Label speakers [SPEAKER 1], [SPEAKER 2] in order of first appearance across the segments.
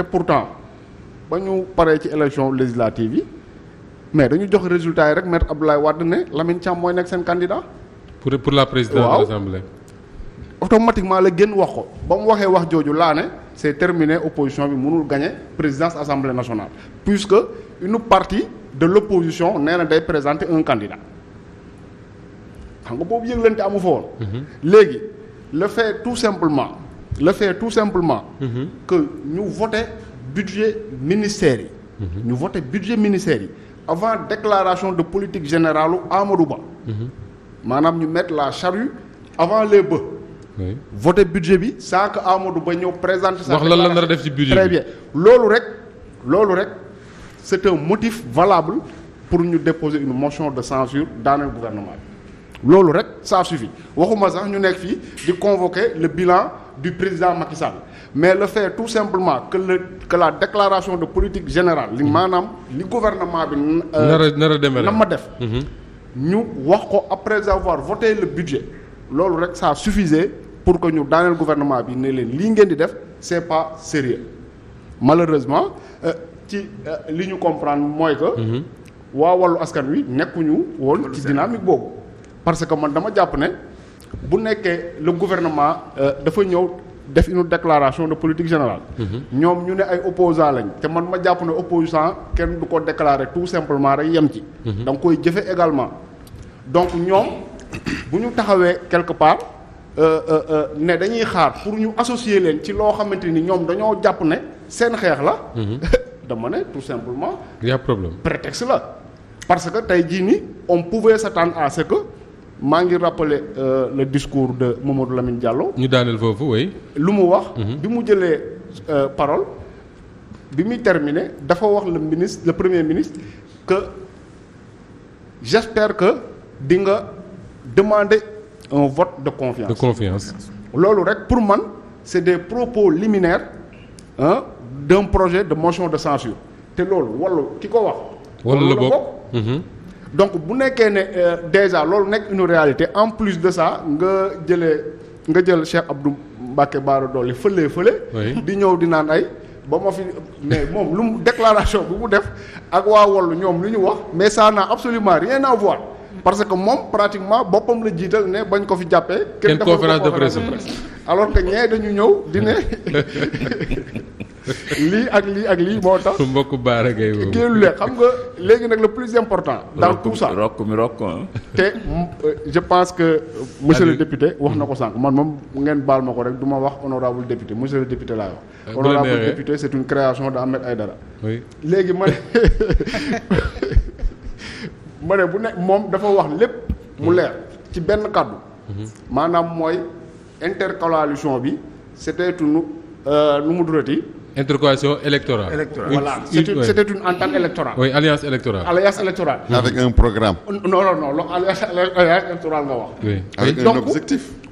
[SPEAKER 1] te pourtant ba ñu paree ci élection législative yi mais dañu jox résultat yi rek maître Abdoulaye Wade ne Lamine Thiam mooy nekk seen candidat.
[SPEAKER 2] pour pour la présidence de l'Assemblée
[SPEAKER 1] automatiquement la génn wax ko ba mu waxee wax jooju laa ne c'est terminé opposition bi mënul gagner présidence assemblée nationale puisque une parti de l'opposition nee na day présenter un candidat xam nga boobu yëg lante amu fa woon mhm. léegi le fait tout simplement le fait tout simplement mhm. que ñu voté budget ministère yi mhm. ñu voté budget ministère yi avant déclaration de politique générale Amadou Ba mhm. maanaam ñu mettre la charrue avant les ba oui. voté budget bi saa que Amadou Ba ñëw présenter sa wax lan
[SPEAKER 2] la nar def ci budget bi très bien
[SPEAKER 1] loolu rek loolu rek c'est un motif valable pour ñu déposer une motion de censure dans gouvernement bi loolu rek ça suffit waxuma sax ñu nekk fii di convoquer le bilan du président Macky Sall mais le fait tout simplement que le que la déclaration de politique générale li maanaam li gouvernement bi. Euh, nar a na ma def. Mhm. ñu wax ko après avoir voté le budget loolu rek sa suffisait pour que ñu daaneel gouvernement bi ne leen lii ngeen di def c'est pas sérieux malheureusement euh, ci euh, li ñu comprendre mooy que. Mhm. waa wàllu askan wi nekkuñu woon. ci dynamique boobu parce que man dama jàpp ne. bu nekkee le gouvernement euh, dafa ñëw def une declaration de politique générale. Mm-hmm. ñoom ñu ne ay opposants lañ te man ma jàpp ne opposant kenn du ko déclarer tout simplement rek yem ci. Mm-hmm. da koy jëfe également. donc ñoom bu ñu taxawee quelque part euh, euh, ne dañuy xaar pour ñu associer leen ci loo xamante ni ñoom dañoo jàpp ne seen xeex la. Mm-hmm. dama ne tout simplement. il y a problème la parce que tey jii nii on pouvait s'attendre à ce que. maa ngi rappelé euh, le discours de Mamadou Lamine Diallo. ñu daaneel foofu oui. lu mu wax. Mhm. bi mu jëlee euh, parole bi muy terminé dafa wax le ministre le premier ministre que j'espère que di nga demander un vote de confiance. de confiance. loolu rek pour man c'est des propos liminaires ah d'un projet de motion de censure te loolu wala ki ko wax. wala la bokk mhm. donc bu nekkee ne euh, déjà loolu nekk une réalité en plus de ça nga jële nga jël Cheikh Abdou Mbacké Bara Dolly fële fële. di ñëw di naan ay. ba ma fi mais moom lu mu déclaration bu mu def ak waa Wallu ñoom lu ñu wax mais ça n'a absolument rien à voir parce que moom pratiquement boppam la jiital ne bañ ko fi jàppee. kenn conférence de presse alors que ñee dañu ñëw di lii ak lii ak lii moo tax. mbokk baara ngay boobu géelu xam nga léegi nag le plus important. dans tout ça rokk mi rokk te euh, je pense que monsieur le député wax na ko sànq man moom ngeen baal ma ko rek du ma wax honorable député monsieur le député laay wax. Euh, honorable député c'est une création de Ahmed Aïdara. oui léegi ma ne ma ne bu ne moom dafa wax lépp mu hmm. leer ci benn kàddu. Hmm. maanaam mooy intercoalition bi c'était euh, nu mu durati.
[SPEAKER 2] intercoalition électorale. électorale voilà c' était, c' était
[SPEAKER 1] une entente électorale. oui
[SPEAKER 2] alliance électorale.
[SPEAKER 1] avec un programme. non non lo alliance électorale nga wax. donc,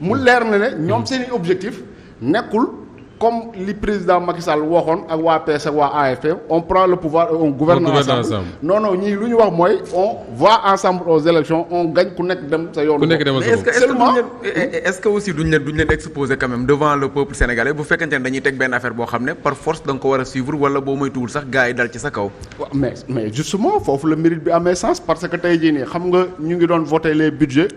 [SPEAKER 1] mu leer na ne ñoom seen i objectif nekkul. comme li président Macky Sall waxoon ak waa PS ak waa AFP on prend le pouvoir on gouverne ensemble. ensemble non lu ñu wax mooy on va ensemble aux élections on gagne ku nekk dem sa yoon. ku nekk dem sa bopp seulement est-ce que aussi duñ leen duñ leen exposer quand même devant le peuple sénégalais bu fekkente ne dañuy teg benn affaire boo xam ne par force da nga ko war a suivre wala boo moytuwul sax gars yi dal ci sa kaw. mais mais justement foofu la mérite bi amee sens parce que tey jii nii xam nga ñu ngi doon voter les budgets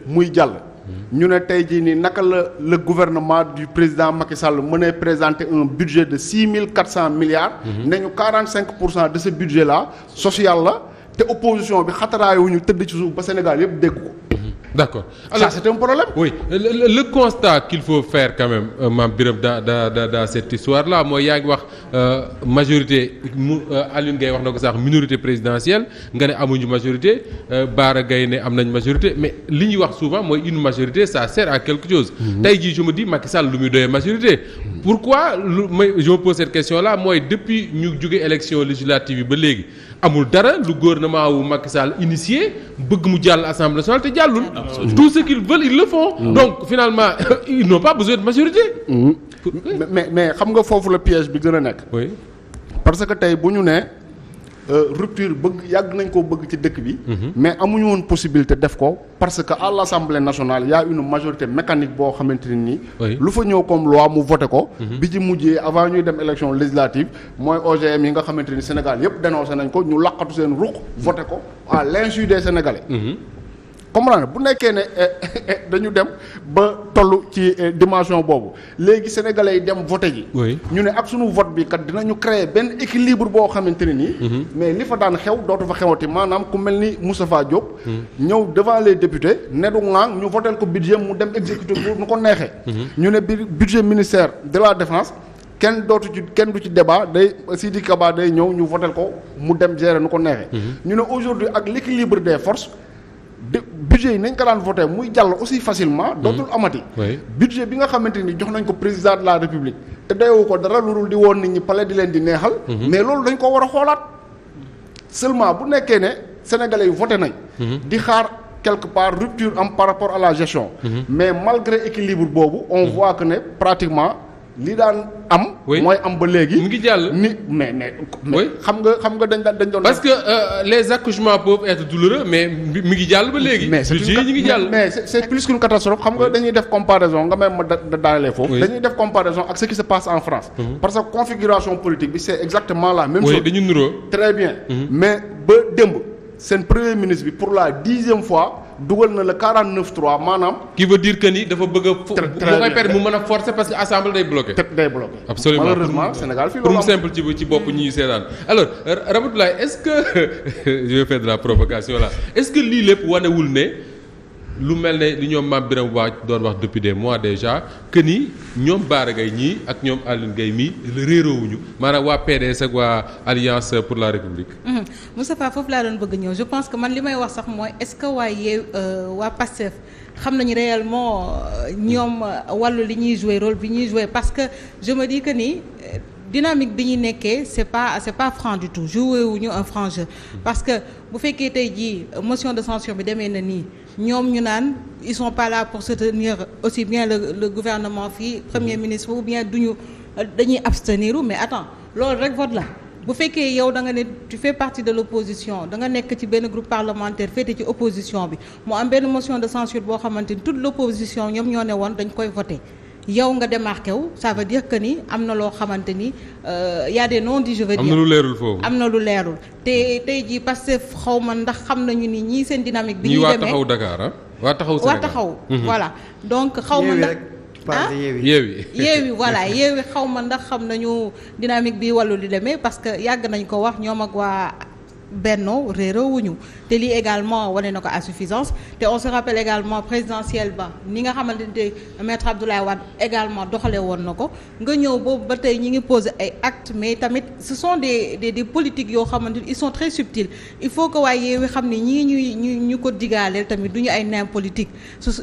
[SPEAKER 1] ñu ne tey jii nii naka la le gouvernement du président Macky Sall mën a présenter un budget de six mille quatre cent milliards. Mhm. nañu quarante cinq pour cent de ce budget la social la te opposition bi xataraayoo ñu tëdd ci suuf ba Sénégal yëpp dégg ko. d'accord alors ça c'est un problème. oui le, le
[SPEAKER 2] constat qu'il faut faire quand même euh, maam Birame dans dans dans cette histoire là mooy yaa ngi wax euh, majorité mu euh, Alioune Gueye wax na ko sax minorité présidentielle nga ne amuñu majorité Baara Gaye ne am nañ majorité mais li ñuy wax souvent mooy une majorité ça sert à quelque chose. Mhm. tey jii je me di Macky Sall lu muy doyee majorité. pourquoi lu may je me pose cette question là mooy depuis ñu juge élection législative yi ba léegi. amul dara lu gouvernement wu Macky Sall initié bëgg mu jàll assemblée nationale te jàllul. tout ce qu'ils veulent ils le font. Mm. donc finalement
[SPEAKER 1] ils n'ont pas besoin de majorité. Mm. mais mais xam nga foofu la piège bi gën a nekk. oui parce que tey bu ñu nee. Euh, rupture bëgg yàgg nañ koo bëgg ci dëkk bi. Mhm. mais amuñu woon possibilité def ko parce que à l' assemblée nationale y' a une majorité mécanique boo xamante ne nii. lu fa ñëw comme loi mu voté ko. Mhm. bi ci mujjee avant ñuy dem élection législative mooy OGM yi nga xamante ni Sénégal yëpp dénoncé nañ ko ñu laqatu seen ruq voté ko à l' insu des Sénégalais. Mhm. comme comprendre bu nekkee ne eh, eh, eh, dañu dem ba toll ci dimension boobu léegi sénégalais yi dem voté ji. ñu ne ak sunu vote bi kat dinañu créer benn équilibre boo xamante ne nii. Mhm. mais li fa daan xew dootu fa xewati maanaam ku mel ni Moustapha Diop. Mhm. ñëw devant les députés ne du ŋaang ñu voté ko budget mu dem exécuté bu nu ko neexee. Mhm. ñu ne bi budget ministère de la défense. kenn dootu ci kenn du ci débat day Sidi Kaba day ñëw ñu votel ko mu dem gérer nu ko neexee. ñu ne aujourd'hui ak l'équilibre des forces. de budget yi nañ ko daan voté muy jàll aussi facilement. Hmm. dootul amati. budget bi nga xamante ni jox nañ ko président de la république. te doyewu ko dara lu dul di woon nit ñi pale di leen di neexal. Hmm. mais loolu dañ ko war a xoolaat. seulement bu nekkee ne sénégalais yu voté nañ. Hmm. di xaar quelque part rupture am par rapport à la gestion. mais malgré équilibre boobu. on voit que ne pratiquement. li daan am. mooy am ba léegi. mu ngi jàll ni mais mais. xam nga xam nga dañ daan dañ doon. parce que euh, les accouchements peuvent être douloureux
[SPEAKER 2] mais mi ngi jàll ba léegi. mais c'est ñu ngi jàll.
[SPEAKER 1] mais c'est plus qu'une catastrophe xam nga dañuy def comparaison nga may ma da daanale foofu. dañuy def comparaison ak ce qui se passe en France. Mhm. parce que configuration politique bi c'est exactement la même chose. dañu nuroo. très bien. Mhm. mais ba démb seen premier ministre bi pour la dixième fois. dugal na la 49 3 maanaam. qui veut dire que ni dafa bëgg a. très koy perte mu
[SPEAKER 2] mën a forcer parce que assemblée day bloqué. day bloqué. absolument malheureusement Sénégal fii loolu am simple ci ci bopp ñuy seetaan alors Ramatoulaye est-ce que je vais faire de la provocation là est-ce que lii lépp wanewul ne. lu mel ne lu ñoom maam Birame Waaj doon wax depuis des mois déjà que ni ñoom Baara Gaye ñii ak ñoom Alioune Gaye mii réeroowuñu maanaam waa PDS ak waa Alliance pour la République.
[SPEAKER 3] Moustapha foofu laa doon bëgg ñëw je pense que man li may wax sax mooy est-ce que waa yeew euh, waa Pastef xam nañu réellement euh, ñoom euh, wàllu li ñuy jouer role bi ñuy jouer parce que je me dis que ni. dynamique bi ñuy nekkee c'est pas c'est pas franc du tout wu ñu un franc parce que bu fekkee tey jii motion de censure bi demee na nii ñoom ñu naan ils sont pas là pour soutenir aussi bien le, le gouvernement fii premier mm-hmm. ministre ou bien duñu dañuy abstenir mais attends loolu rek vote la bu fekkee yow da nga ne tu fais partie de l'opposition da nga nekk ci benn groupe parlementaire féete ci opposition bi mu am benn motion de censure boo xamante ni toute l'opposition ñoom ñoo ne woon dañ koy voter yow nga démarqué wu ça veut que ni am na loo xamante ni euh, y a des non-dits je veux dire am na lu leerul foofu am na lu leerul te tey jii Pastef xaw ma ndax xam nañu ni ñii seen dynamique. bi ñuy demee ñii waa taxaw
[SPEAKER 2] Dakar ah. waa taxaw Sénégal waa taxaw. Mhm. voilà
[SPEAKER 3] donc xaw ma ndax.
[SPEAKER 2] ah yeewi yeewi voilà yeewi
[SPEAKER 3] xaw ma ndax xam nañu dynamique bi wàllu li demee parce que yàgg nañ ko wax ñoom ak waa. Benno réeroowuñu te lii également wane na ko à suffisance te on se rappelle également présidentielle ba ni nga xamante ne maître Abdoulaye Wade également doxalee woon na ko nga ñëw boobu ba tey ñu ngi poser ay actes mais tamit ce son de des des politiques yoo xamante ni ils sont très subtils il faut que waaye yeewi xam ne ñii ñuy ñu ñu ko digaaleel tamit du ñu ay nain politique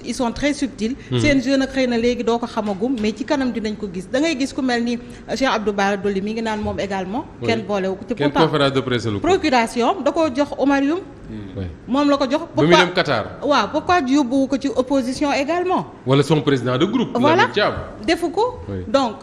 [SPEAKER 3] ils sont très subtils hmm. seen jeune ak xëy na léegi doo ko xamagum mais ci kanam dinañ ko gis da ngay gis ku mel ni Cheikh Abdou Bara Dolly mi ngi naan moom également kenn délégation da koo jox Omar Youm hmm. moom la ko jox. pourquoi ba muy dem Qatar. waaw pourquoi yóbbuwu ko ci opposition également.
[SPEAKER 2] wala son président de groupe. voilà
[SPEAKER 3] defu ko donc.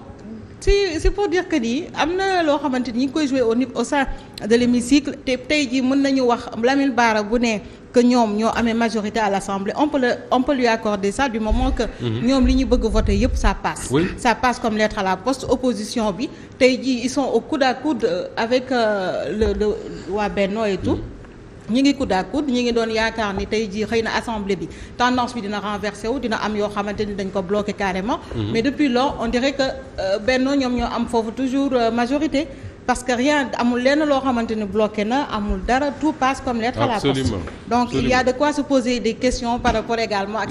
[SPEAKER 3] si si pour dire que nii am na loo xamante ni ñu ngi koy joué au niveau au sein de l'hémicycle te tey jii mën nañu wax Lamine Bara bu ne que ñoom ñoo amee majorité à l'Assemblée on peut le on peut lui accorder ça du moment que. Mhm. ñoom li ñu bëgg voter yépp ça passe. Oui. ça passe comme lettre à la poste opposition bi tey jii ils son au coude à euh, avec euh, le le waa Benno et ñi ngi coude à coude ñi ngi doon yaakaar ni tey jii xëy na assemblée bi tendance bi dina renversé wu dina am yoo xamante ni dañ ko bloqué carrément. Mhm. mais depuis lors on dirait que euh, Benno ñoom ñoo am foofu toujours euh, majorité. parce que rien amul lenn loo xamante ni bloqué na amul dara tout passe comme lettre à la donc il y de quoi se poser des questions par rapport également ak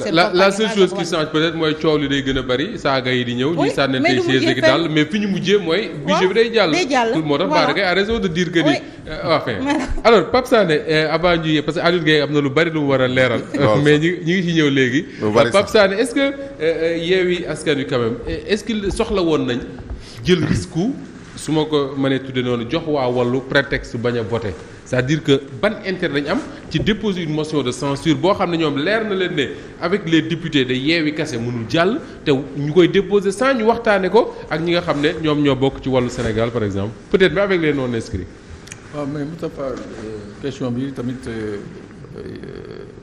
[SPEAKER 3] chose qui
[SPEAKER 2] change peut-être mooy coow li day gën a bëri saaga yi di ñëw ñuy sànnante siège ak daal mais fi ñu mujjee mooy budget bi day jàll moo tax Bara Gaye a raison de dire que ni euh, enfin alors Pape euh, parce que Aliou Gueye am na lu bari lu mu war a leeral mais ñu ñu ngi ci ñëw léegi euh, Pape Sané est-ce que Yewwi Askan Wi quand même soxla woon nañ jël su ma ko mënee tudde noonu jox waa wàllu prétexte bañ a voté c'est-à-dire que ban intérêt dañ am ci déposer une motion de censure boo xam ne ñoom leer na leen ne avec les députés de yeewi kase mënul jàll te ñu koy déposer sans ñu waxtaane ko ak ñi nga xam ne ñoom ñoo bokk ci wàllu Sénégal par exemple peut-être mais avec les non inscrits waaw mais Moustapha euh, question bi tamit euh, euh,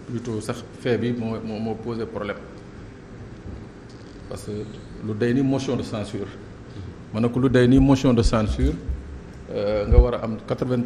[SPEAKER 2] plutôt sax fee bi moo moo moo problème parce que lu day ni motion de censure ma ne ko lu day ni motion de censure euh, nga war a am vingt